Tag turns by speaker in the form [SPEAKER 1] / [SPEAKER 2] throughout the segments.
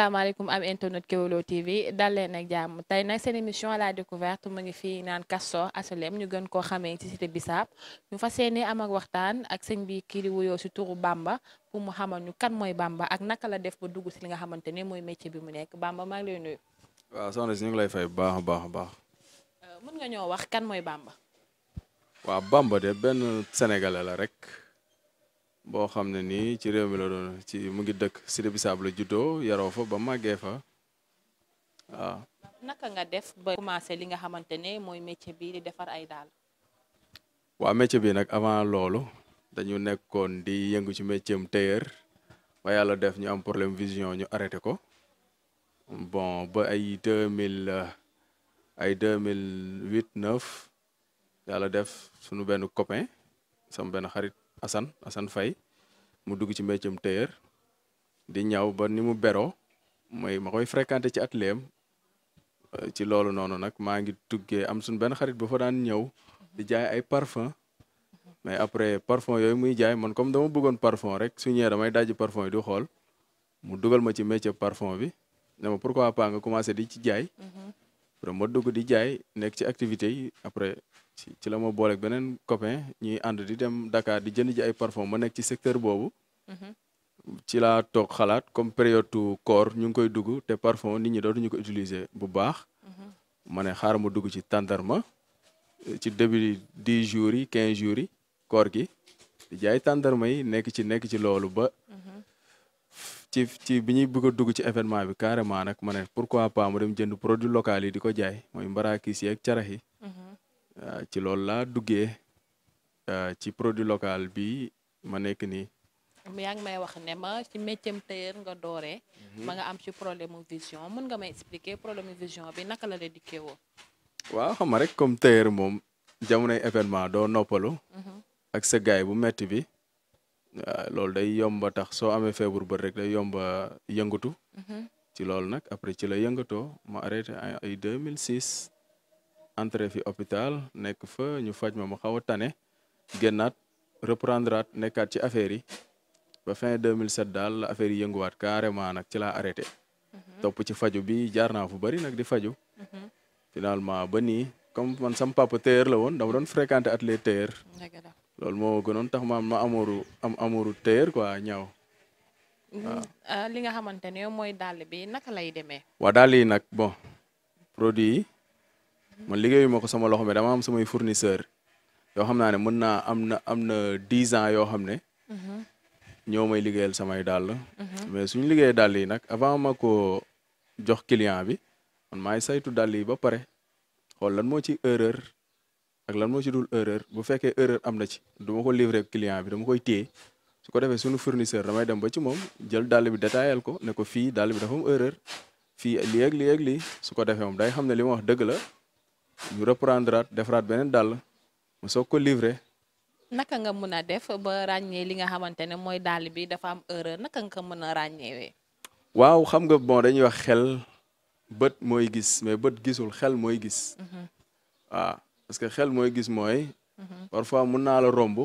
[SPEAKER 1] alaikum. am internet Kewolo TV dal leen ak c'est l'émission émission à la découverte mu ngi fii naan Castor HLM ñu gën ko xamé ci cité Bissap ñu fas né am ak waxtaan ak sëñ bi di wuyoo Bamba pour mu xamal ñu kan moy Bamba ak naka la def ba dugg ci li nga métier bi mu nekk Bamba maa ngi lay nuyu.
[SPEAKER 2] waaw soxna si ñu ngi lay fay bu baax baax
[SPEAKER 1] euh, nga ñoo wax kan moy Bamba.
[SPEAKER 2] Wa Bamba de Ben sénégalais la rek. bo xamne ni ci rew mi la doon ci mu ngi dekk Sidi Bisaab la juddo yaro fa ba magge fa ah
[SPEAKER 1] naka nga def ba commencer li nga xamantene moy métier bi di defar ay dal
[SPEAKER 2] wa métier bi nak avant lolu dañu nekkoon di yëngu ci métierum am tailleur ba yàlla def ñu am problème vision ñu arrêté ko bon ba ay 2000 ay 2008 9 yalla def suñu benn copain sama benn xarit. Assane asan fay mu dugg ci mbeccum tailleur di ñaw ba ni mu bero mooy ma koy fréquenté ci atelier am euh, ci loolu noonu nag maa ngi tuggee am suñ benn xarit ba fa daan ñëw di jaay ay parfum mais après parfum yooyu muy jaay man comme dama bëggoon parfum rek su ñëwee damay dajji parfum yi di xool mu dugal ma ci métier parfum bi ne ma pourquoi pas nga commencé di ci jaay mm-hmm. ma dugg di jaay nekk ci activité yi après ci la ma bolé benen copain ñi and di dem Dakar di jënd ji ay parfum ma nek ci secteur bobu hmm ci la tok xalat comme période tu koor ñu ngi koy dugg té parfum nit ñi dootu ñu ko utiliser bu baax. hmm mané xaar ma dugg ci tandarma ci début 10 jours yi quinze jours yi koor gi di jaay tandarma yi nek ci nek ci lolu ba. Mhm. ci ci biñuy bëgg dugg ci événement bi carrément nak mané pourquoi pas mu dem jënd produit local yi diko jaay moy mbarakis yi ak carax yi. Mhm. Euh, ci loolu laa duggee euh, ci produit local bi ma nekk ni
[SPEAKER 1] yaa ngi may wax ne ma ci métier tailleur nga dooree. Mhm. ma nga am ci problème vision mën nga may expliquer problème vision bi naka la la dikkee woo.
[SPEAKER 2] waaw xam nga rek comme tailleur moom jamonoy événement doo noppalu. Mhm. ak sa gaay bu metti bi. Euh, loolu day yomba tax soo amee feebar bët rek day yomba yëngatu. Mhm. ci loolu nag après ci la yëngatoo ma arrêté ay entré fi hôpital nek fa ñu faj ma ma xaw tané tane reprendre at nekkaat ci affaire yi ba fin 2007 dal affaire yi wat carrément nak ci la arrêté. Mhm. top ci faju bi jaar naa fu bari nak di faju mhm. finalement ba ni comme man sam papa terre la won dama don fréquenter at les tailleurs. loolu moo gënoon tax ma ma amoru am amoru terre quoi ñaw.
[SPEAKER 1] Mhm. Euh, li nga xamante ne mooy bi naka lay demee.
[SPEAKER 2] waa dàll yi bon produit man liggéeyu mako sama loxo mais dama am samay fournisseur yoo xam naa ne mën naa am na am na dix ans yoo xam ne ñoo may liggéeyal samay dàll mais suñu liggéey dàll yi nag avant ma ko jox client bi man maay saytu dàll yi ba pare xool lan moo ci erreur ak lan moo ci dul erreur bu fekkee erreur am na ci duma ko livrer client bi dama koy téye su ko defee suñu fournisseur damay dem ba ci moom jël dàll bi détaillé ko ne ko fii dàll bi dafa am erreur fii lii ak lii ak lii su ko defee moom day xam ne li ma wax dëgg la ñu reprendre at defaraat beneen dàll mu soog ko livre
[SPEAKER 1] naka nga mën a def ba ràññee li nga xamante ne mooy dàll bi dafa am erreur naka nga ko mën a ràññeewee.
[SPEAKER 2] waaw xam nga bon dañuy wax xel bët mooy gis mais bët gisul xel mooy gis. Mhm. waaw parce xel mooy gis mooy. Mhm. parfois mun naa la romb.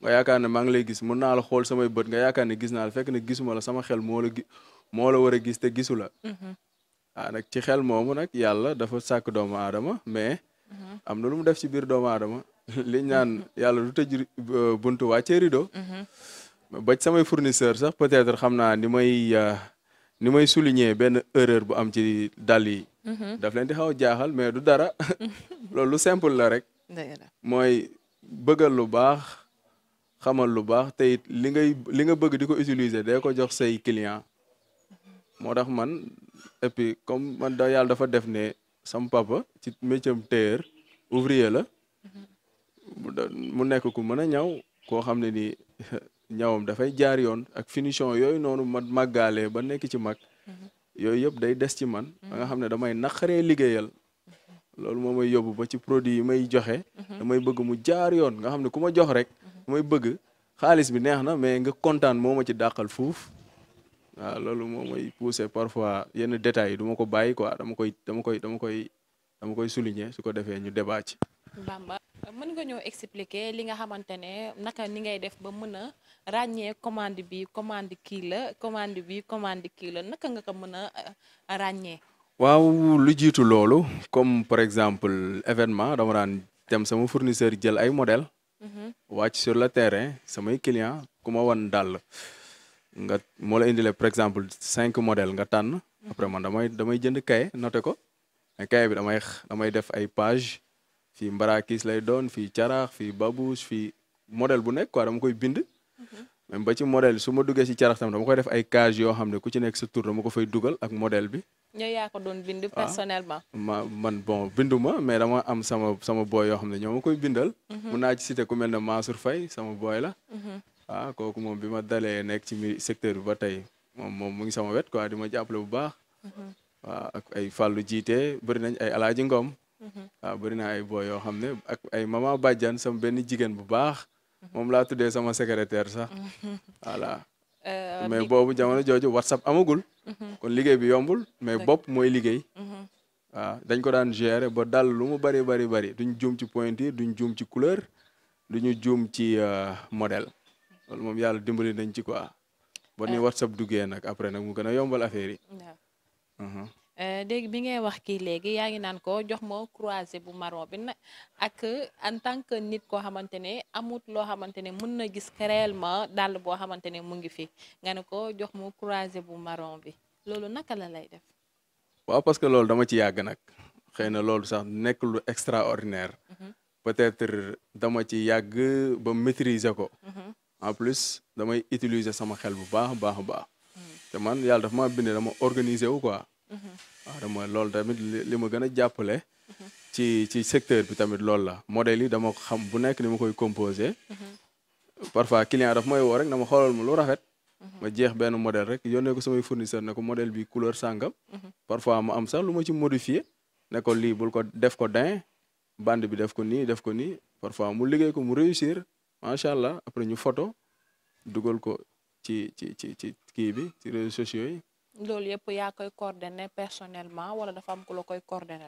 [SPEAKER 2] nga yaakaar ne maa ngi lay gis mën naa la xool samay bët nga yaakaar ne gis naa la fekk ne gisuma la sama xel moo la moo la a gis te gisu ah nag ci xel moomu nag yàlla dafa sàkk doomu aadama mais mhm. am na lu mu def ci biir doomu aadama liñ naan yàlla du tëj euh, buntu wàccee rideau mhm. ba samay fournisseur sax peut-être xam naa ni may euh, ni may souligner benn erreur bu am ci dàll yi mhm. daf leen di xaw jaaxal mais du dara loolu lu simple la rek mooy bëggal lu baax xamal lu baax te it li ngay li nga bëgg di ko utiliser day ko jox say client moo tax man et comme man da yàlla dafa def ne sam papa ci métier am ouvrier la mm-hmm. mu nekk ku mën a ñaw koo xam ne ni ñawam dafay jaar yoon ak finition yooyu noonu ma màggaalee ba nekk ci mag mm-hmm. yooyu yëpp day des ci man mm-hmm. ba nga xam ne damay naqaree liggéeyal loolu moom may yóbbu ba ci produit yi may joxe damay bëgg mu jaar yoon nga xam ne ku ma jox rek damay bëgg xaalis bi neex na mais nga kontaan moo ma ci dàqal fuuf waaw loolu moom mooy pousser parfois yenn détails yi du ko bàyyi quoi dama koy dama koy dama koy dama koy souligner su ko defee ñu débat ci.
[SPEAKER 1] Bamba mën nga ñoo expliquer li nga xamante ne naka ni ngay def ba mën a ràññee commande bi commande kii la commande bi commande kii la naka nga ko mën a ràññee.
[SPEAKER 2] waaw lu jiitu loolu comme par exemple événement dama daan dem sama fournisseur jël ay modèle mhm. wàcc sur le terrain samay client ku ma wan dàll. moo la indilee par exemple cinq modèles nga tànn. après man damay damay jënd kaye noté ko mais kaye bi damay damay def ay page fii mbarakis lay doon fii caraax fii babouche fii modèle bu nekk quoi dama koy bind. même ba ci modèle su ma duggee si caraax tamit dama koy def ay cage yoo xam ne ku ci nekk sa tur dama ko fay dugal ak modèle bi.
[SPEAKER 1] ñoo yaa ko doon bind ah. personnellement.
[SPEAKER 2] ma man bon bindu ma mais dama am sama sama booy yoo xam ne ñoo ma koy bindal. Mhm. mun naa ci cité ku mel ne Mansour Faye sama booy la. Mhm. ah kooku moom bi ma dalee nekk ci mi secteur bi ba tey moom moom mu ngi sama wet quoi di ma jàppale bu baax. waaw mm-hmm. ah, ak ay Fallou jiite bëri nañ ay Alaaji ngoom waaw mm-hmm. ah, bëri na ay boo yoo xam ne ak ay mama Badiane sama benn jigéen bu baax. Mm-hmm. moom laa tuddee sama secrétaire sax. voilà
[SPEAKER 3] euh, mais boobu
[SPEAKER 2] jamono jooju WhatsApp amagul. kon liggéey bi yombul mais bopp mooy liggéey. Ah, dañ ko daan gérer ba dal lu mu bari bari bari duñ juum ci pointure duñ juum ci couleur duñu juum ci euh, model loolu moom yàlla dimbali nañ ci quoi. ba ni euh. whatsapp duggee nag après nag mu gën a yombal affaire uh-huh.
[SPEAKER 1] euh, bi ngay wax kii léegi yaa ngi naan ko jox ma croisé bu marron bi nag ak en tant que nit koo xamante ne amut loo xamante ne mën na gis réellement dàll boo xamante ne mu ngi fi nga ne ko jox ma croisé bu marron bi loolu naka la lay def.
[SPEAKER 2] waaw parce que loolu dama ci yàgg nag xëy na loolu sax nekk lu extraordinaire. Mm-hmm. peut-être dama ci yàgg ba maîtriser ko. Mm-hmm. en plus damay utiliser sama xel bu baax baax baax hmm. te man yalla daf ma bindee dama organiser wu quoi waaw mhm. ah, dama lool tamit li ma gën a mhm. ci ci secteur bi tamit lool la modèle yi dama xam bu nekk ni ma koy composé mhm. parfois client daf may wo rek dama xolal mu lu rafet ma jeex benn modèle rek yónnee ko sama fournisseur ne ko modèle bi couleur sangam parfois ma am sax lu ma ci modifier ne ko lii bul ko def ko dain bande bi def ko ni def ko ni parfois mu liggéey ko mu réussir macha allah après ñu photo dugal ko ci ci ci ci kii bi ci réseaux sociaux yi.
[SPEAKER 1] lool yëpp yaa koy coordonné personnellement wala dafa am ku la koy coordonné.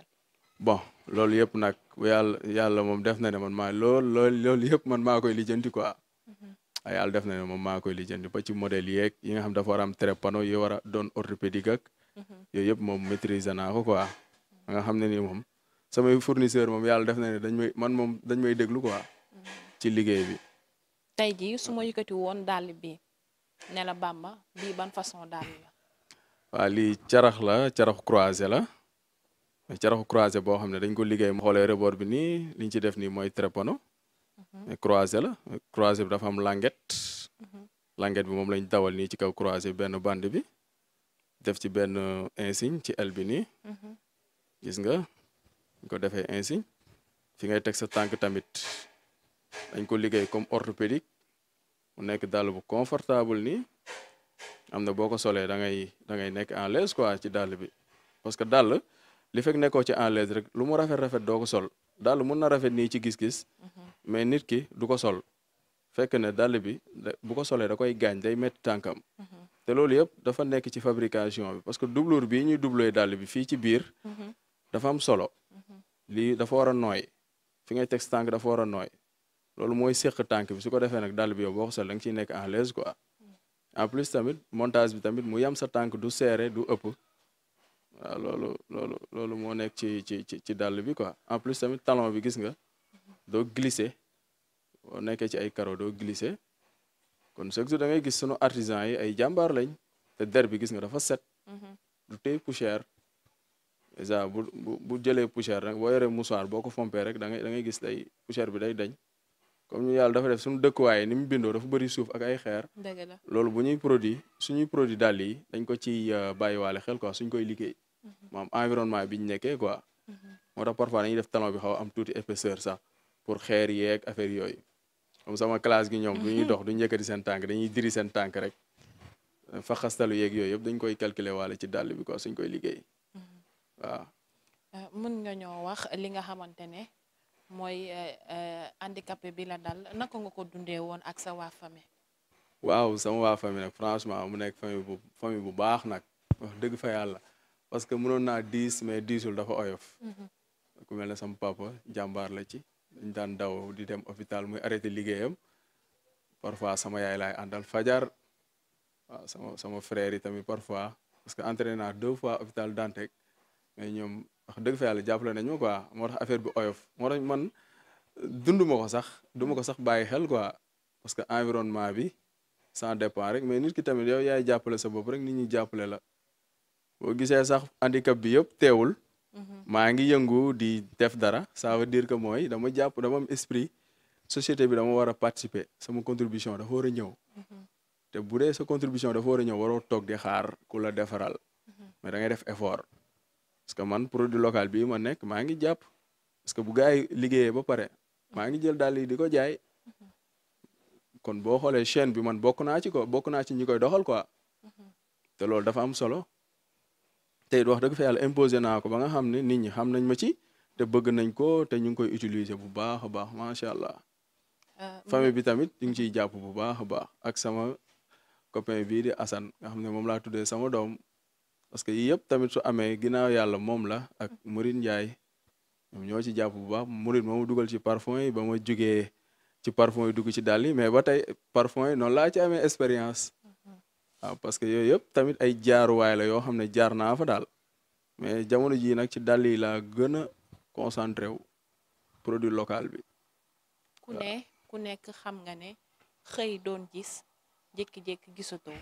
[SPEAKER 2] bon loolu yëpp nag yàlla yàlla moom def na ne man ma lool lool loolu yëpp man maa koy lijjanti quoi. ay mhm. yàlla def na ne moom maa koy lijjanti ba ci modèle yeeg yi nga xam dafa war a am trépano yi wara a doon orthopédique ak. Mhm. yooyu yëpp moom maîtriser naa ko quoi. nga xam ne ni moom samay fournisseur moom yàlla def na ne dañ may man moom dañ may déglu quoi. ci liggéey bi.
[SPEAKER 1] tay ji suma yëkëti yëkkati woon dàll bi ne la Bamba bi ban façon dal la.
[SPEAKER 2] wa li charax la charax croisé la mais charax croisé bo xam dañ ko liggéey mu xoolee rebord bi ni liñ ci def ni moy trépono. Mhm. mais croisé la croisé bi dafa am languette. Mhm. languette bi mom lañ dawal ni ci kaw croisé ben bande bi def ci ben insigne ci ni mhm. gis nga ko defé insigne fi ngay tek sa tank tamit. dañ ko liggéey comme orthopédique mu nekk dàll bu confortable nii am na boo ko solee da ngay da ngay nekk en l'aise quoi ci dàll bi parce que dàll li fekk nekkoo ci en l'aise rek lu mu rafet rafet doo ko sol dàll mun na rafet nii ci gis-gis mhm. mais nit ki du ko sol fekk ne dàll bi bu ko solee da koy gaañ day métti tànkam mhm. te loolu yëpp dafa nekk ci fabrication bi parce que doublure bii ñuy doublé dàll bi fii ci biir mhm. dafa am solo lii dafa war a nooy fi ngay teg tànk dafa war a nooy loolu mooy seq tànk bi si ko defee nag dàll bi yow boo ko sol da nga ciy nekk en l'aise quoi mm. en plus tamit montage bi tamit mu yam sa tànk du seere du ëpp waaw loolu loolu moo nekk ci ci ci ci dàll bi quoi en plus tamit talon bi gis nga mm-hmm. doo glisser boo nekkee ci ay carreau doo glisser kon chaque jour da ngay gis sunu artisan yi ay jàmbaar lañ te der bi gis nga dafa set mm-hmm. du tey poussière déjà bu bu jëlee poussière nag boo yoree mouchoir boo ko fompee rek da ngay da ngay gis ay poussière bi day dañ comme ñu yàlla dafa def suñu dëkkuwaay ni mu bindoo dafa bëri suuf ak ay xeer. dëgg la loolu bu ñuy produit suñuy produit dàll yi dañ ko ciy euh, bàyyiwaale xel quoi suñ koy liggéey. maanaam mhm. environnement bi ñu nekkee quoi. Mhm. moo tax parfois dañuy def talon bi xaw am tuuti épaisseur sax pour xeer yeeg affaire yooyu comme sama classe gi ñoom. bu ñuy dox duñu yëkkati seen tànk dañuy diri seen tànk rek fa faxastalu yeeg yooyu yëpp dañ koy calculer waale ci dàll bi ko suñ koy liggéey mhm. waaw.
[SPEAKER 1] Euh, mën mooy eh, eh, handicapé bi la dal naka nga ko dundee woon ak sa waa famille.
[SPEAKER 2] sama waa famille franchement mu nekk famille bu baax nag wax fa yàlla parce que mënoon naa diis mais diisul dafa oyof. Mhm. ku mel ne papa jàmbaar la ci dañ daan daw di dem hôpital muy arrêté liggéeyam parfois sama yaay laay àndal fajar waaw ah, sama sama yi tamit parfois parce que entraîné naa deux fois hôpital Dantec mais ñoom wax dëgg fa yàlla jàppale nañ ma moo tax affaire bi oyof man dund ma sax du ma ko sax bàyyi xel quoi parce que environnement bi sans dépend rek mais nit ki tamit yow yaay jàppale sa bopp rek nit ñi jàppale la boo gisee sax handicap bi yëpp teewul mhm. maa ngi yëngu di def dara ça veut dire que mooy dama jàpp dama am esprit société bi dama war a participer sama contribution dafa war a ñëw mhm. te bu dee sa contribution dafa war a ñëw waroo toog di xaar ku la defaral mhm. mais da def effort parce que man produit local bii ma nekk maa ngi jàpp parce que bu gars yi liggéeyee ba pare maa ngi jël dàll yi di ko jaay kon boo xoolee chaîne bi man bokk naa ci ko bokk naa ci ñi koy doxal quoi te loolu dafa am solo te it wax dëgg fa yàlla imposé naa ko ba nga xam ne nit ñi xam nañ ma ci te bëgg nañ ko te ñu ngi koy utiliser bu baax a baax macha allah.
[SPEAKER 3] Euh, famille bi
[SPEAKER 2] tamit ñu ngi ciy jàpp bu baax a baax ak sama copain bii di Assane nga xam ne moom laa tuddee sama doom parce que yii yëpp tamit su amee ginnaaw yàlla moom la ak Mouride Ndiaye ñoo ci jàpp bu baax Mouride moo ma dugal ci parfum yi ba ma jugee ci parfum yi dugg ci dàll yi mais ba tey parfum yi noonu laa ci amee expérience mm-hmm. parce que yooyu yëpp tamit ay jaaruwaay la yoo xam ne jaar naa fa daal mais jamono jii nag ci dàll yi laa gën a concentré wu produit local bi.
[SPEAKER 1] ku ne ku nekk xam nga ne xëy doon gis jékki-jékki gisatoo.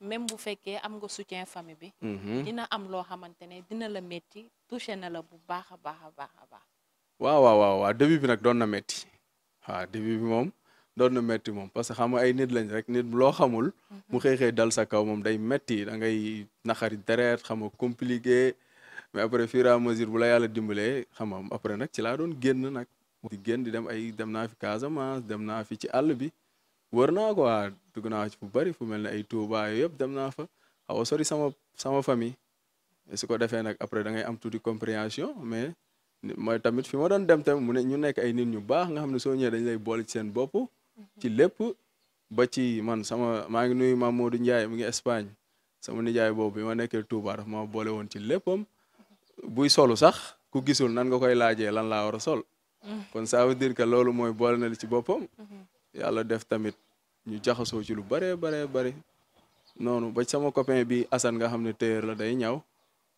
[SPEAKER 1] même bu fekkee am nga soutien famille bi
[SPEAKER 2] mhm. dina
[SPEAKER 1] am loo xamante ne dina la métti touché na la bu baax a baax a baax a baax
[SPEAKER 2] waaw waaw waaw waaw bi nag doon na métti waaw début bi moom doon na métti moom parce que xam nga ay nit lañ rek nit loo xamul mu mhm. xëy-xëy dal sa kaw moom day métti da ngay naqari deret xam nga compliqué mais après fur et à mesure bu la yàlla dimbalee xama nga après nag ci laa doon génn nag di di dem ay dem naa fi Casamance dem naa fi ci àll bi dugg ci fu bari fu melni ay Touba yëpp dem naa fa xaw sori sama sama famille su ko defee nag après da ngay am tuuti compréhension mais mooy tamit fi ma doon dem tam mu ne ñu nekk ay nit ñu baax nga xam ne soo ñëwee dañ lay boole ci seen bopp ci lépp ba ci man sama maa ngi nuyu Mamadou Modou Ndiaye mu ngi Espagne sama nijaay boobu bi ma nekkee Touba dafa ma boole woon ci léppam buy solu sax ku gisul nan nga koy laajee lan laa war a sol mm-hmm. kon ça veut dire que loolu mooy boole na ci boppam mm-hmm. yàlla def tamit ñu jaxasoo ci lu bëree baree bëri noonu ba sama copin bi Assane nga xam ne téer la day ñaw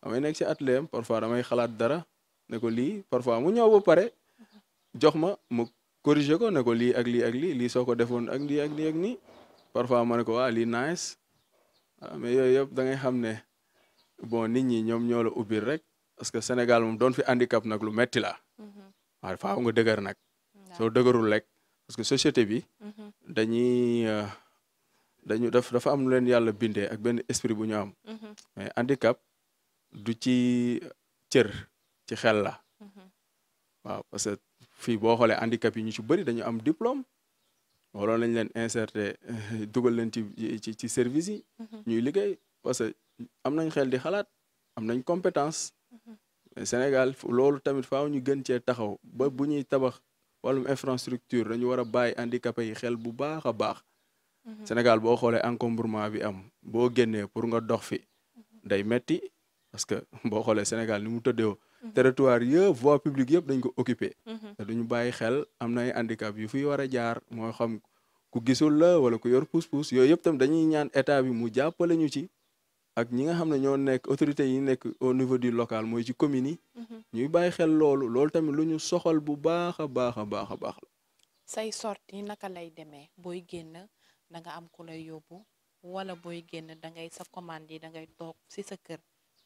[SPEAKER 2] damay nekk si atelier parfois damay xalaat dara ne ko lii parfois mu ñow ba pare jox ma mu corriger ko ne ko lii ak lii ak lii lii soo ko defoon ak lii ak lii ak nii parfois ma ne ko waa lii nice waaw ah, mais yooyu yëpp da ngay xam ne bon nit ñi ñoom ñoo la ubbil rek parce que Sénégal moom doon fi handicap nag lu metti la mm-hmm. waaw faaw dëgër nag soo dëgërul rek parce que société bi. Mhm. dañuy euh, dañu def dafa am leen yàlla bindee ak benn esprit bu ñu am. Mhm. mais handicap du ci cër ci xel la. Mhm. waaw parce que fii boo xoolee handicap yi ñu ci bëri dañu am diplôme. wala lañ leen inserté euh, dugal leen ci ci service yi. ñuy liggéey parce que am nañ xel di xalaat am nañ compétence. Sénégal loolu tamit faaw ñu gën cee taxaw bu ñuy tabax. walum infrastructure dañu war a bàyyi handicapé yi xel bu baax a baax. Mhm. Sénégal boo xoolee encombrement bi am bo génnee pour nga dox fi mhm. day metti parce que boo xoolee Sénégal ni mu tëddeewoo. Mhm. territoire yëpp voie publique dañ ko occupé. te duñu xel am ay handicap yu fi war jar jaar moo xam ku gisul la wala ku yor pousse-pousse yooyu yëpp tam dañuy ñaan état bi mu jàppale ñu ci. ak ñi nga xam ne nek nekk yi nekk au niveau du local mooy ci ñuy bàyyi xel loolu loolu tamit lu ñu soxal bu baax a baax a baax a baax la.
[SPEAKER 1] say sorti naka lay demee booy génn da am ku lay yóbbu wala booy génn da ngay sa commande yi da ngay toog si sa kër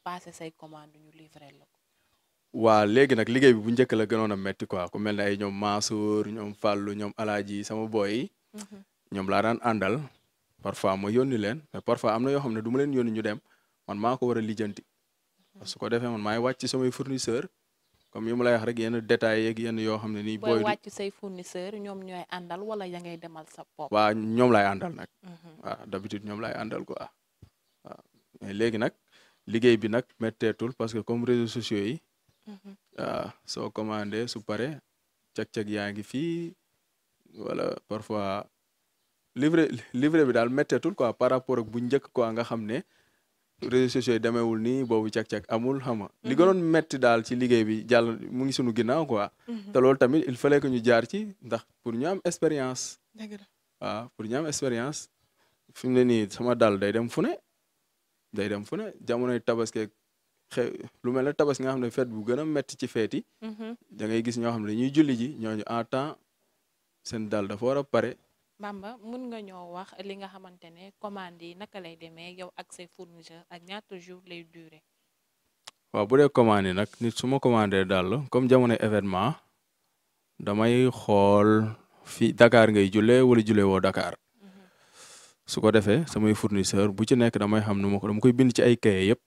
[SPEAKER 1] passé say commande ñu livré la ko.
[SPEAKER 2] waa léegi nag liggéey bi bu njëkk la gënoon a métti quoi ku mel na ay ñoom Mansour ñoom Fallou ñoom Alaaji sama boy yi. Mhm. ñoom laa daan àndal. parfois ma yónni leen mais parfois am na yoo xam ne duma leen yónni ñu dem man maa ko war a lijjanti. su ko defee man maay wàcc samay fournisseur comme yi ma lay wax rek yenn détails yeeg yenn yoo xam ne ni booy
[SPEAKER 1] wàcc say fournisseur ñoom ñooy àndal wala ya ngay demal sa bopp. waaw
[SPEAKER 2] ñoom laay àndal nag. Mhm. waaw ñoom laay àndal ko waaw mais léegi nag liggéey bi nag métteetul parce que comme réseaux sociaux yi. Mhm. waaw soo commandé su pare cag-cag yaa ngi fii wala parfois livré livré bi daal métteetul quoi par rapport ak bu njëkk ko nga xam ne. réseaux sociaux yi demeewul nii boobu cag-cag amul xam nga li mhm. gënoon metti daal ci liggéey bi jàll mu ngi sunu ginnaaw quoi mhm. te loolu tamit il fallait que ñu jaar ci ndax pour ñu am expérience waaw pour ñu am expérience fi mu ne nii sama dal day dem fu ne day dem fune ne jamonoy tabaski xew lu mel na tabaski nga xam ne fet bu gën a metti ci fête yi mhm. da ngay gis ñoo xam ne ñuy julli ji ñooñu en temps seen dal dafa war pare
[SPEAKER 1] Bamba mën nga ñoo wax li nga xamante ne commande yi naka lay demee yow ak say ak ñaata jour lay durer.
[SPEAKER 2] waaw bu dee commande yi nag nit su ma commandé daal comme jamono événement damay xool fii Dakar ngay julle wala julle woo Dakar mhm. su ko defee samay fournisseur bu ci nekk damay xam ne ma ko dama koy bind ci ay kaye yëpp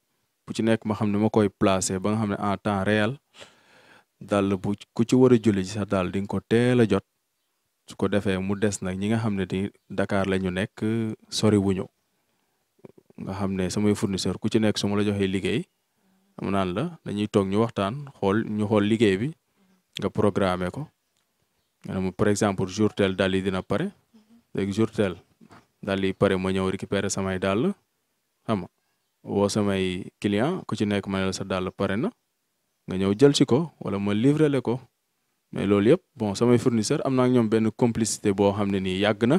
[SPEAKER 2] bu ci nekk ma xam ne ma koy placer ba nga xam ne en temps réel dal bu ku ci war a julli ci sax daal di nga ko teel a jot. su ko defee mu des nag ñi nga xam ne di Dakar lañu nekk euh, sori wuñu nga xam ne samay fournisseur ku ci nekk su ma la joxe liggéey am naan la dañuy toog ñu waxtaan xool ñu xool liggéey bi nga programmer ko maanaam par exemple jour tel dàll yi dina pare léegi jour tel dàll yi pare ma ñëw récupérer samay dàll xam nga woo samay client ku ci nekk ma ne la sa dàll pare na nga ñëw jël si ko wala ma livrele ko mais loolu yëpp bon samay fournisseur am naa ñoom benn complicité bo xam ne nii yàgg na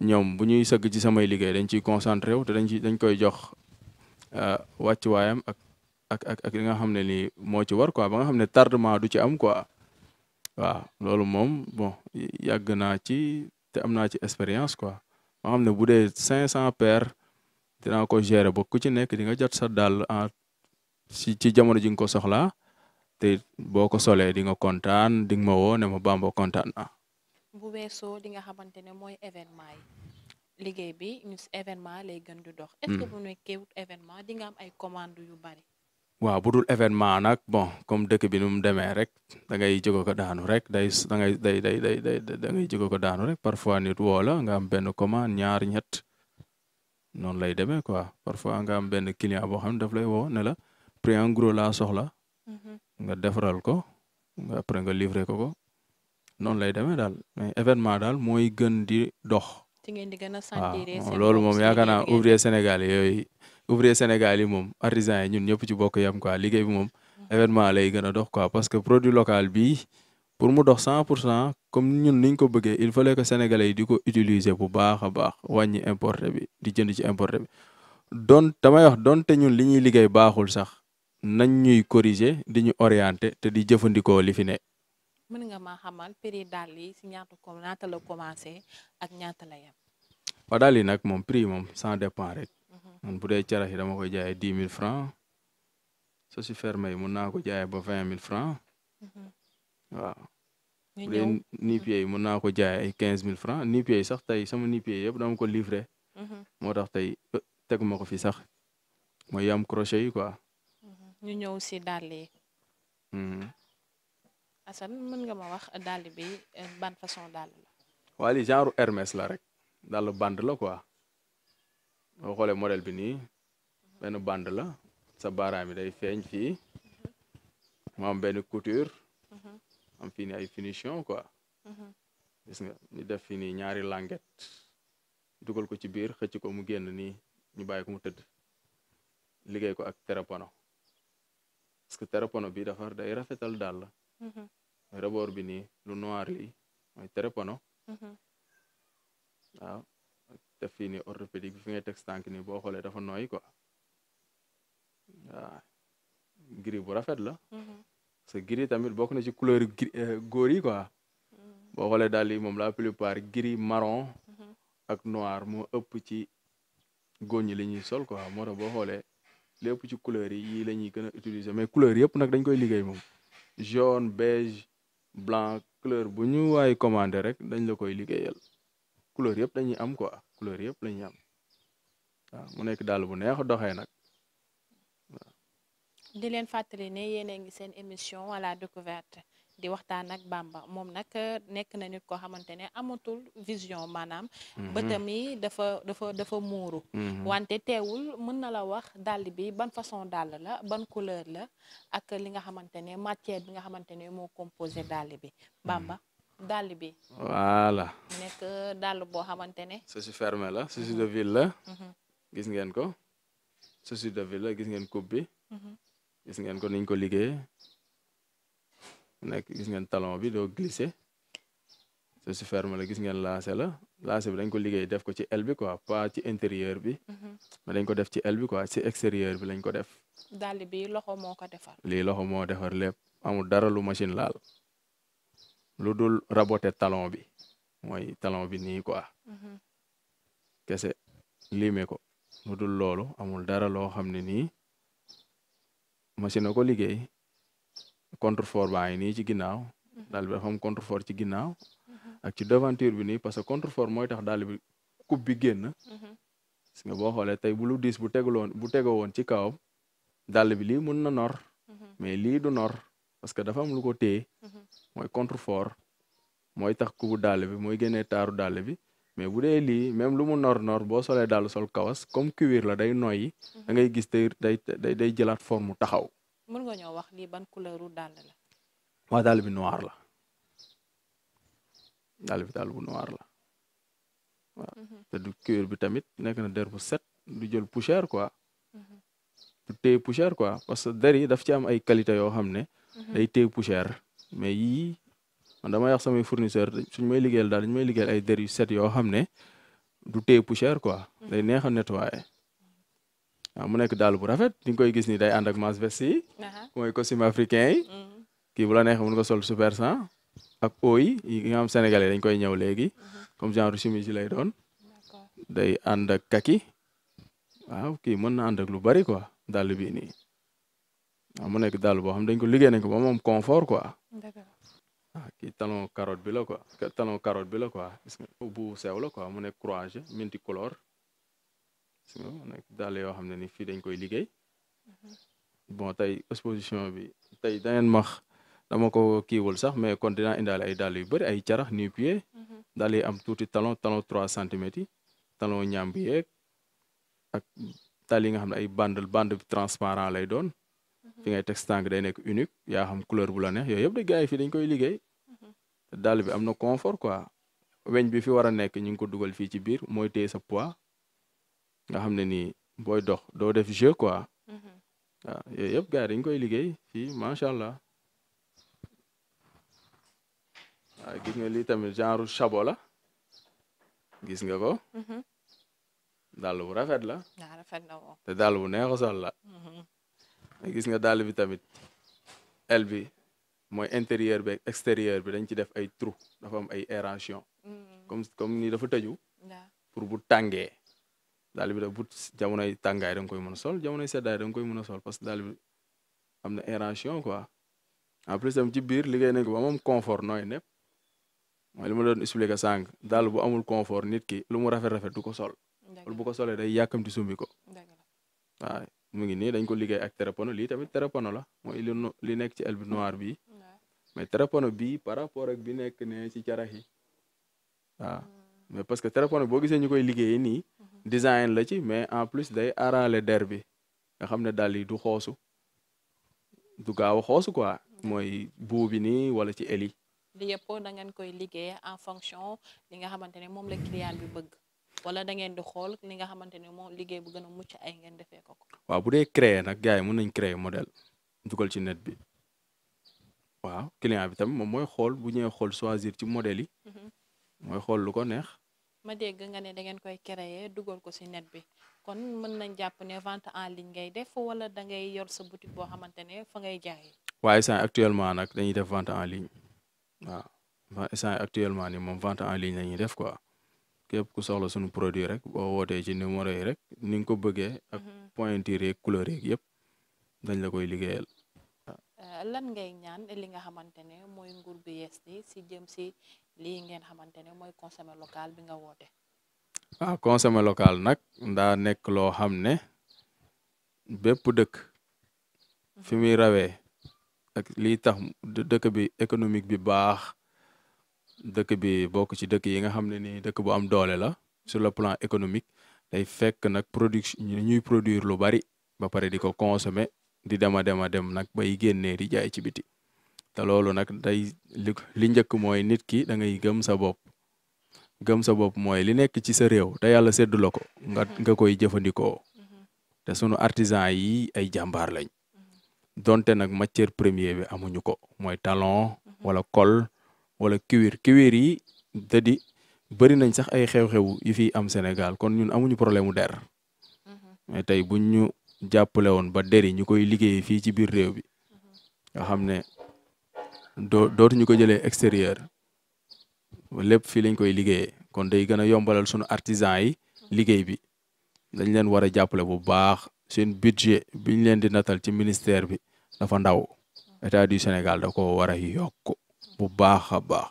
[SPEAKER 2] ñoom bu ñuy sëgg ci samay liggéey dañ ciy concentré wu te dañ ci dañ koy jox euh, wàccuwaayam ak ak ak ak li nga xam ne nii moo ci war quoi ba nga xam ne tardement du ci am quoi waaw loolu moom bon yàgg naa ci te am naa ci expérience quoi ba nga xam ne bu dee 500 paires dinaa ko gérer ba ku ci nekk di nga jot sa dàll en si ci jamono ji nga ko soxlaa. te boo ko solee di nga kontaan di ma woo ne ma Bamba kontaan na
[SPEAKER 1] bu weesoo li nga xamante ne mooy événement yi liggéey bi ñu événement lay gën
[SPEAKER 2] di dox. est-ce que hmm. bu nekkee événement di nga am ay commande yu bari. waaw bu dul événement nag bon comme dëkk bi nu mu demee rek da ngay jóge ko daanu rek day da ngay day day da ngay jóge ko daanu rek parfois nit woo la nga am benn commande ñaar ñett noonu lay demee quoi parfois nga am benn client boo xam ne daf lay woo ne la prix en laa soxla Mm-hmm. nga defaral ko nga après nga livré ko ko noonu lay demee daal événement daal mooy gën di dox. ci ngeen di gën a loolu moom yaakaar naa ouvrier Sénégal yooyu ouvrier Sénégal yi moom artisans yi ñun ñëpp ci bokk yam quoi liggéey bi moom. Mm-hmm. événement lay gën a dox quoi parce que produit local bi pour mu dox cent pour cent comme ñun niñ ko bëggee il fallait que sénégalais yi di ko utiliser bu baax a baax wàññi importé bi di jënd ci importé bi doon damay wax donte ñun li ñuy liggéey baaxul sax. nañ ñuy corriger di ñu orienter te di jëfandikoo li fi ne.
[SPEAKER 1] mën nga maa xamal prix daal yi si ñaata la commencé ak ñaata la yem.
[SPEAKER 2] waaw daal yi nag moom prix moom cent dépend rek. Mhm. man bu dee carax yi dama koy jaayee dix mille franc soo si fermé yi mun naa ko jaayee ba vingt mille franc. Mhm. waaw. bu dee nipier yi mun naa ko jaayee ay quinze mille franc nipier yi sax tey sama nipier yëpp dama ko livré. Mhm. moo tax tey teguma ko fi sax mooy yam crochet yi quoi.
[SPEAKER 1] ñu ñëw si dàll yi mm-hmm. asan mën nga ma wax dàll bi ban façon dàll la
[SPEAKER 2] wali genre Hermès la rek dàll bande la quoi boo xolé model bi ni ben bande la sa baaraam yi day feñ fi mo mm-hmm. am ben couture mm-hmm. am fini ay finition quoi gis nga ni def fini ñaari languette dugal ko ci biir xëcc ko mu génn ni ñu bàyyi ko mu tëdd liggéey ko ak terapano parce que térépono bi dafa day rafetal dàll mhm. rebord bi nii lu noir li mooy térépono mhm. waaw def fi ngay teg tànk nii boo xoolee dafa nooy ko waaw gris bu rafet la mhm. parce gris tamit bokk na ci couleur euh, góor yi quoi boo xoolee daal yi moom la plupart gris marron ak noir moo ëpp ci góor ñi li ñuy sol quoi moo tax boo xoolee lépp ci couleur yi yii la gën a utiliser mais couleur yëpp nag dañ koy liggéey moom jaune beige blanc couleur bu ñu waay commandé rek dañ la koy liggéeyal couleur yëpp dañuy am ko quoi couleur yëpp la ñuy am waaw mu nekk daal bu neex doxee nag
[SPEAKER 1] di leen fàttali ne ngi seen émission à la découverte di waxtaan nag Bamba moom nag euh, nekk na nit koo xamante ne amatul vision maanaam. Mhm. bëtam yi dafa dafa dafa muuru. Mhm. wante teewul mën na la wax dàll bi ban façon dàll la ban couleur la ak li nga xamante ne matière bi nga xamante ne moo composé dàll bi Bamba. Mhm. dàll bi.
[SPEAKER 2] voilà.
[SPEAKER 1] nekk euh, dàll boo xamante ne.
[SPEAKER 2] chaussure la chaussure de ville la. gis ngeen ko chaussure de ville gis ngeen coupe ngeen ko niñ ko liggéey nekk gis ngeen talon bi doo glisser su ferme la gis ngeen laase la laase bi dañ ko liggéey def ko ci aile bi quoi pas ci intérieur bi. Mhm. mais dañ ko def ci aile bi quoi ci extérieur bi lañ ko def.
[SPEAKER 1] dàll bi loxo moo ko defar.
[SPEAKER 2] lii loxo moo defar lépp amul dara lu machine laal lu dul raboter talon bi mooy talon bi nii quoi. Mhm. kese lime ko lu dul loolu amul dara loo xam ne nii machine a ko liggéey. contrefort baa ngi nii ci ginnaaw mhm. daal bi dafa am contrefort ci ginnaaw ak ci devanture bi nii parce que contrefort mooy tax daal bi bi génn mhm. gis nga boo xoolee tey bu bu tegaloon bu tegoo woon ci kawam dàll bi lii mun na nor mhm. mais lii du nor parce que dafa mu lu ko téye mooy contrefort mooy tax kubu dal bi mooy génnee taaru dàll bi mais bu dee lii même lu mu nor nor boo solee dal sol kawas comme cuir la day noyyi da ngay gis day day jëlaat forme taxaw
[SPEAKER 1] mën nga ñoo wax lii ban couleur u dàll la.
[SPEAKER 2] waaw dàll bi noir la dàll bi dàll bu noir la waaw. Mhm. te du cuir bi tamit nekk na der bu set du jël poussière quoi. Mhm. du téye poussière quoi parce que der yi daf ci am ay qualité yoo xam ne. Mhm. day téye poussière mais yii man damay wax samay fournisseur suñ may liggéeyal daal dañ may liggéeyal ay der yu set yoo xam ne du téye poussière quoi. day neexa net nettoyer. waaw mu nekk daal bu rafet di koy gis ni day ànd ak manches veste yi. mooy costume africain yi. Mm. kii bu la neexee mun nga sol super 100 ak eau yi yi nga xam dañ koy ñëw léegi. Mm-hmm. comme genre chemise yi lay doon. day ànd ak kaki. waaw kii mën na ànd ak lu bari quoi dàll bii nii. waaw mu nekk dàll boo xam dañ ko liggéey nañ ko ba moom confort ko waaw ah, kii talon carotte bi la quoi talon bi la quoi gis sew la quoi mu nekk croisé multicolore nekk dàll yoo xam ne ni fii dañ koy liggéey bon tey exposition bi tey dangeen max dama ko kiiwul sax mais kon dinaa indaale ay dàll yu bari ay carax nu pied dàll yi am tuuti talon talon trois centimètres yi talon ñaam bi yeeg ak dàll yi nga xam ne ay bandal bande bi transparent lay doon fi ngay teg stànk day nekk unique yaa xam couleur bu la neex yooyu yëpp de gars yi fii dañ koy liggéey dàll bi am na confort quoi weñ bi fi war a nekk ñu ngi ko dugal fii ci biir mooy téye sa poids nga xamné ni boy dox do def jeu quoi. hmm yooyu gars koy gis nga tamit genre chabo gis nga ko. Mhm. bu rafet la. Ah, rafet na te bu sol la. Mhm. gis nga dal bi tamit des bi intérieur bi extérieur bi dañ ci def ay trou dafa mhm. comme comme ni dafa tëju. pour bu tàngee. daal bi da bu jamonoy tàngaay da nga koy mën a sol jamonoy seddaay da nga koy mën a sol parce que daal bi am ci biir liggéey nañ ko ba moom confort li ma doon expliquer sànq daal bu amul confort nit ki lu mu rafet rafet du ko sol. bu ko solee day ti sumbi ko. mu ngi nii dañ ko liggéey ak térépono li tamit térépono la mooy li li nekk ci aile bi noir bi mais térépono bii par rapport ak bi nekk ne ci carax yi waaw hmm. mais parce que térépono boo gisee ñu koy liggéeyee nii. design la ci mais en plus day arranger der bi nga xam ne dàll yi du xoosu du gaaw a xoosu quoi mooy buubi nii wala ci eli
[SPEAKER 1] li yëpp da ngeen koy liggéey en fonction li nga xamante ne moom la client bi bëgg wala da ngeen di xool li nga xamante ne moom liggéey bu gën a mucc ay ngeen defee ko ko
[SPEAKER 2] waaw bu dee créer nag gars yi mën nañ créer modèle dugal ci net bi waaw client bi tam moom mooy xool bu ñëwee xool choisir ci modèle yi mhm. mooy xool lu ko neex
[SPEAKER 1] ma dégg nga ne da ngeen koy créer dugal ko si net bi kon mën nañ jàpp ne vente en ligne ngay def wala da ngay yor sa boutique boo xamante ne fa ngay
[SPEAKER 2] jaay. waaye sant actuellement nag dañuy def vente en ligne wa sant actuellement ni moom vente en ligne na ñuy def quoi képp ku soxla suñu produit rek boo wootee ci numéro yi rek ni nga ko bëggee. ak mhm. pointure yeeg couleur yeeg yëpp dañ la koy liggéeyal.
[SPEAKER 1] lan ngay ñaan li nga xamante ne mooy nguur bi yees bi si jëm si lii ngeen xamante ne mooy consommer locale bi nga woote.
[SPEAKER 2] ah consommer local nag ndaa nekk loo xam ne bépp dëkk fi muy mhm. rawee ak lii tax dëkk bi économique bi baax dëkk bi bokk ci dëkk yi nga xam ne ni dëkk boo am doole la sur le plan économique day fekk nag production ñuy produire lu bari ba pare di ko consommer di dema dema dem nag bay génnee di jaay ci biti te loolu nag day li njëkk mooy nit ki dangay ngay gëm sa bopp gëm sa bopp mooy li nekk ci sa réew te yàlla séddu la ko nga mm-hmm. nga koy jëfandikoo mm-hmm. te sunu artisan yi ay jàmbaar lañ mm-hmm. donte nag matière premier bi amuñu ko mooy talon wala kol wala cuir cuir yi da di bëri nañ sax ay xew-xew yu fiy am Sénégal kon ñun amuñu problème mu der tey buñ jàppale woon ba deri ñu koy liggéey fii ci biir réew bi nga xam ne doo dootuñu ko jëlee extérieur lépp fii lañ koy liggéeyee kon day gën a yombalal sunu artisan yi liggéey bi dañ leen war a jàppale bu baax seen budget biñ leen di natal ci ministère bi dafa ndaw état du Sénégal da ko war a yokk bu baax a baax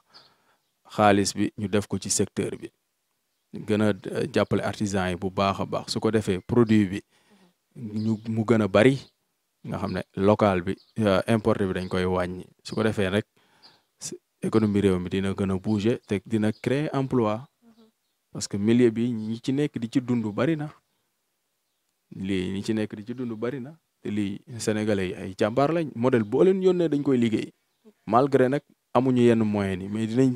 [SPEAKER 2] xaalis bi ñu def ko ci secteur bi gën a jàppale artisan yi bu baax a baax su ko defee produit bi ñu mu gën a bari nga xam ne local bi euh, importe bi dañ koy wàññi su ko defee rek économie réew mi dina gën a bouger te dina crée emploi parce que millier bi ñi ci nekk di ci dund bari na lii ñi ci nekk di ci dund bari na te lii sénégalais yi ay jàmbaar model modèle boo leen yónnee dañ koy liggéey malgré nag amuñu yenn moyens yi mais dinañ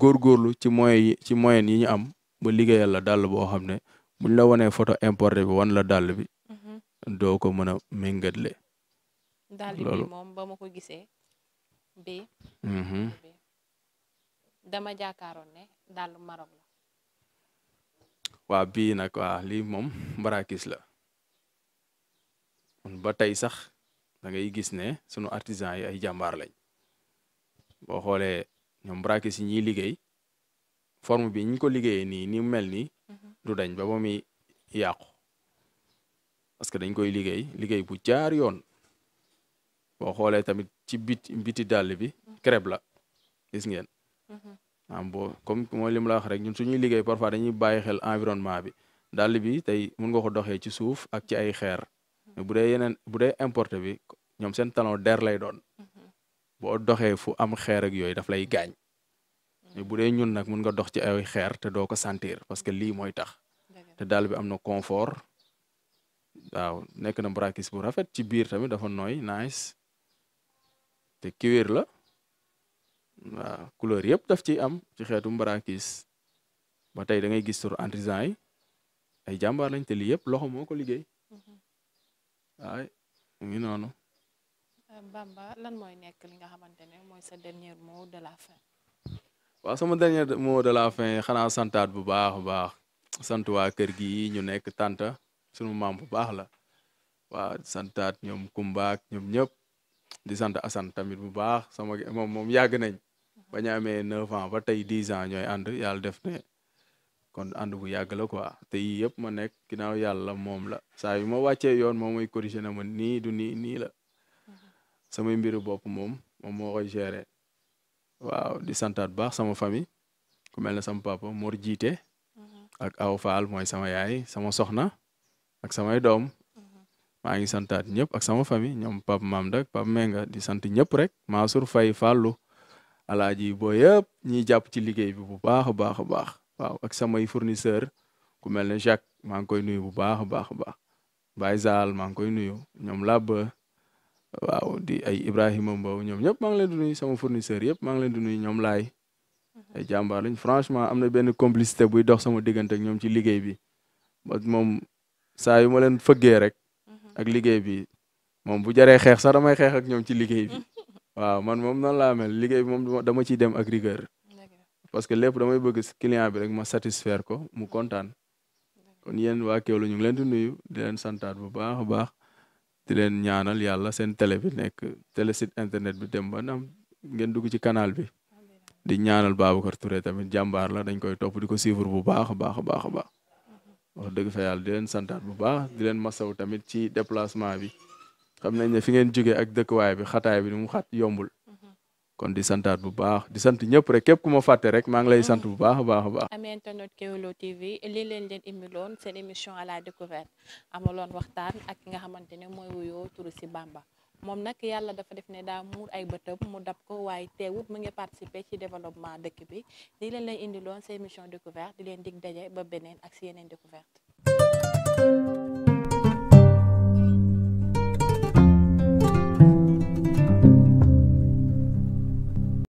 [SPEAKER 2] góorgóorlu ci moyens yi ci moyens yi ñu am ba liggéeyal la dàll boo xam ne buñ la wanee photo importé bi wan la dàll bi doo ko mën a méngatle. loolu
[SPEAKER 1] moom ba ma ko gisee bi mm-hmm. dama jàkkaaroon ne dàll Maroc la.
[SPEAKER 2] waa bii nag waa moom mbarakis la ba tey sax da ngay gis ne sunu artisan yi ay jàmbaar lañ boo xoolee ñoom mbarakis yi ñuy liggéey forme bi ñu ko liggéeyee nii ni mel nii mm-hmm. du dañ ba ba muy yàqu parce que dañ koy liggéey liggéey bu jaar yoon boo xoolee tamit ci biti biti dàll bi crêpe la gis ngeen. Mm-hmm. am boo comme mooy li mu la wax rek ñun suñuy liggéey parfois dañuy bàyyi xel environnement bi dàll bi tey mun nga ko doxee ci suuf ak ci ay xeer. Mm-hmm. bu dee yeneen bu dee importé bi ñoom seen talon der lay doon. Mm-hmm. boo doxee fu am xeer ak yooyu daf lay gaañ. bu dee ñun nag mun nga dox ci ay xeer te doo ko sentir parce que lii mooy tax. te dàll bi am na confort. waaw nekk na braquis bu rafet ci biir tamit dafa nooy nice te kiwir la waaw couleur yëpp daf ci am ci xeetu braquis ba tey dangay ngay gis sur artisan yi ay jàmbaar nañ te lii yëpp loxo moo ko liggéey waay mhm. mu ngi noonu.
[SPEAKER 1] Euh, Bamba lan mooy nekk li nga xamante ne mooy sa dernier mot de la fin.
[SPEAKER 2] waaw sama dernier mot de la fin xanaa santaat bu baax a baax sant waa kër gi ñu nekk tànta sunu maam bu baax la waaw di santaat ñoom Kumbaak ñoom ñëpp di sant Assane tamit bu baax sama moom moom yàgg nañ ba ñu amee ba tey dix ans ñooy ànd yàlla def ne kon ànd bu yàgg la quoi te yii yëpp ma nekk ginnaaw yàlla moom la saa yu ma wàccee yoon moom mooy corriger na ma nii du nii nii la samay mbiru bopp moom moom moo koy waaw di santaat baax sama famille ku mel ne sama papa Mor jiite mhm. ak aw Faal mooy sama yaay sama soxna ak samay doom mhm. maa ngi santaat ñëpp ak sama famille ñoom Pape Mamdak Pape Menga di sant ñëpp rek Mansour Faye Fallou alaaji boo yëpp ñiy jàpp ci liggéey bi bu baax a baax a baax waaw ak samay fournisseur ku mel ne Jacques maa ngi koy nuyu bu baax a baax a baax Baye Zal maa ngi koy nuyu ñoom Laba waaw di ay Ibrahima Mbow ñoom ñëpp maa ngi leen di nuyu sama fournisseur yëpp maa ngi leen di nuyu ñoom laay mhm. ay jàmbaar lañ franchement am na benn complicité buy dox sama diggante ak ñoom ci liggéey bi ba moom saa yu ma leen fëggee rek mhm. ak liggéey bi moom bu jaree xeex sax damay xeex ak ñoom ci liggéey bi waaw man moom noonu laa mel liggéey bi moom dama ciy dem ak parce que lépp damay bëgg client bi rek ma satisfaire ko mu kontaan kon yéen waa Kéwoulo ñu ngi leen di nuyu di leen santaat bu baax a baax di leen ñaanal yàlla seen télé bi nekk télé site internet bi dem ba nam ngeen dugg ci canal bi di ñaanal Babacar Touré tamit jàmbaar la dañ koy topp di ko suivre bu baax a baax a baax a baax wax dëgg fa yàlla di leen santaat bu baax di leen masaw tamit ci déplacement bi xam nañ ne fi ngeen jógee ak dëkkuwaay bi xataay bi ni mu xat yombul kon di santaat bu baax di sant ñëpp rek képp ku ma fàtte rek maa ngi lay sant bu baax a baax a baax.
[SPEAKER 1] amee internet Kéwoulo TV lii leen leen indiloon seen émission à la découverte amaloon waxtaan ak ki nga xamante ne mooy wuyoo turu si Bamba. mom nak yalla dafa def ne da muur ay bëtëm mu dab ko way téwut mu ngi participer ci développement dëkk bi di leen lay lon c'est mission découverte di leen dig dajé ba benen ak si découverte